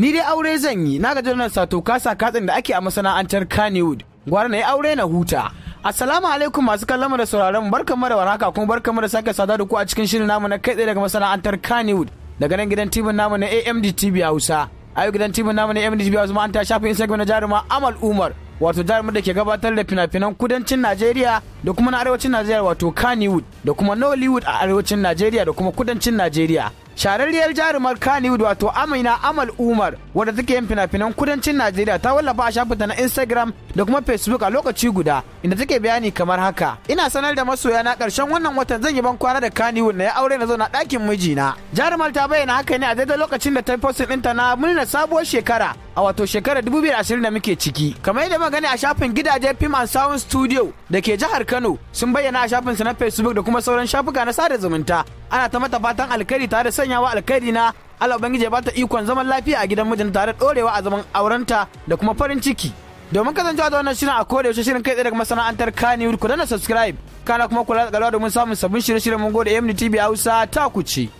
ni dai aure zan yi na gaji wannan sato kasa katsin da ake a masana'antar Kannywood gwara na yi aure na huta Assalamu alaikum masu kallon da sauraron barkamu da warhaka kuma barkamu da sake sada da ku a cikin shirin namu na kai tsaye daga masana'antar Kannywood daga nan gidan TV namu na AMD TV Hausa yau gidan TV namu na AMD TV Hausa ma an ta shafin Instagram na jaruma Amal Umar wato jarumar da ke gabatar da fina-finan kudancin Najeriya da kuma na arewacin Najeriya wato Kannywood da kuma Nollywood a arewacin Najeriya da kuma kudancin Najeriya shararriyar jarumar kaniwood wato amina amal umar wadda take yin fina-finan kudancin najeriya ta wallafa a shafinta na instagram da kuma facebook a lokaci guda inda take bayani kamar haka ina sanar da masoya na karshen wannan watan zan yi ban kwana da kaniwood na ya aure na zauna ɗakin mijina jarumar ta bayyana haka ne a daidai lokacin da ta postin ɗinta na murnar sabuwar shekara a wato shekarar 2020 da muke ciki kamar yadda magani a shafin gidajen film and sound studio da ke jihar kano sun bayyana a shafinsu na facebook da kuma sauran shafuka na sada zumunta ana ta mata fatan alkhairi tare da sanyawa alkhairi na Allah ubangiji ya bata ikon zaman lafiya a gidan mijinta tare da dorewa a zaman aurenta da kuma farin ciki domin kasancewa da wannan shirin a koda yaushe shirin kai tsaye daga masana'antar kanewood ku dana subscribe kana kuma kula da kalwa domin samun sabbin shirye-shiryen mun gode AMD TV Hausa ta kuce.